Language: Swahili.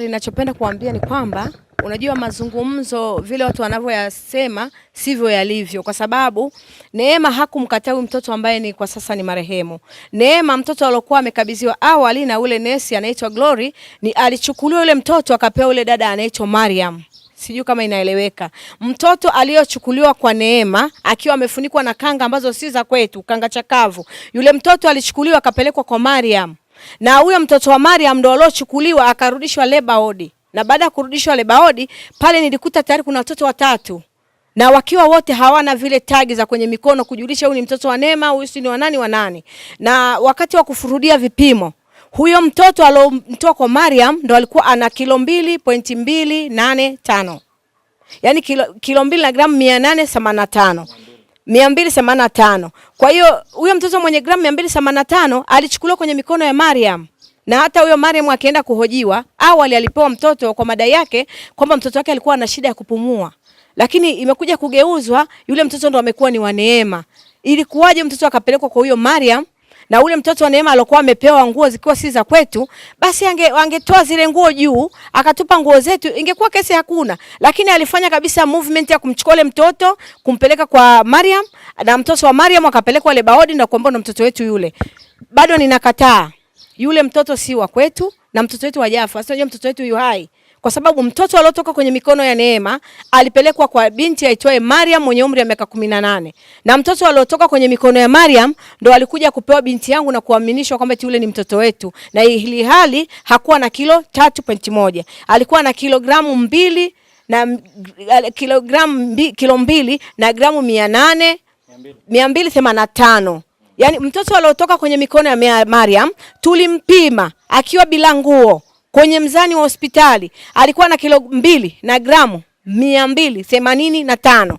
Ninachopenda kuambia ni kwamba unajua, mazungumzo vile watu wanavyoyasema sivyo yalivyo, kwa sababu Neema hakumkataa mtoto ambaye ni kwa sasa ni marehemu. Neema mtoto aliokuwa amekabidhiwa awali na ule nesi anaitwa Glory, ni alichukuliwa yule mtoto akapewa ule dada anaitwa Mariam. Sijui kama inaeleweka. Mtoto aliyochukuliwa kwa Neema akiwa amefunikwa na kanga ambazo si za kwetu, kanga chakavu, yule mtoto alichukuliwa akapelekwa kwa Mariam na huyo mtoto wa Mariam ndo aliochukuliwa akarudishwa leba odi, na baada ya kurudishwa leba odi pale nilikuta tayari kuna watoto watatu na wakiwa wote hawana vile tagi za kwenye mikono kujulisha huyu ni mtoto wa Neema, huyu si ni wa nani wa nani. Na wakati wa kufurudia vipimo, huyo mtoto alomtoa kwa Mariam ndo alikuwa ana kilo mbili pointi mbili nane tano yaani kilo, kilo mbili na gramu mia nane themanini na tano. 285. Kwa hiyo huyo mtoto mwenye gramu tano alichukuliwa kwenye mikono ya Mariam na hata huyo Mariam akienda kuhojiwa, awali alipewa mtoto kwa madai yake kwamba mtoto wake alikuwa ana shida ya kupumua, lakini imekuja kugeuzwa, yule mtoto ndo amekuwa ni wa neema. Ilikuwaje mtoto akapelekwa kwa huyo Mariam na ule mtoto wa Neema alokuwa amepewa nguo zikiwa si za kwetu, basi ange, angetoa zile nguo juu akatupa nguo zetu, ingekuwa kesi hakuna. Lakini alifanya kabisa movement ya kumchukua ule mtoto kumpeleka kwa Mariam, na mtoto wa Mariam akapelekwa Lebaodi na kuambiwa na mtoto wetu yule. Bado ninakataa, yule mtoto si wa kwetu na mtoto wetu wajafa. Sasa mtoto wetu yu hai kwa sababu mtoto aliotoka kwenye mikono ya neema alipelekwa kwa binti aitwaye Mariam mwenye umri wa miaka kumi na nane na mtoto aliotoka kwenye mikono ya Mariam ndo alikuja kupewa binti yangu na kuaminishwa kwamba yule ni mtoto wetu, na hili hali hakuwa na kilo moja alikuwa na kilogramu mbili na kilogramu mbi, kilo mbili na gramu mia nane mia mbili themanini na tano yaani mtoto aliotoka kwenye mikono ya Mariam tulimpima akiwa bila nguo kwenye mzani wa hospitali alikuwa na kilo mbili na gramu mia mbili themanini na tano.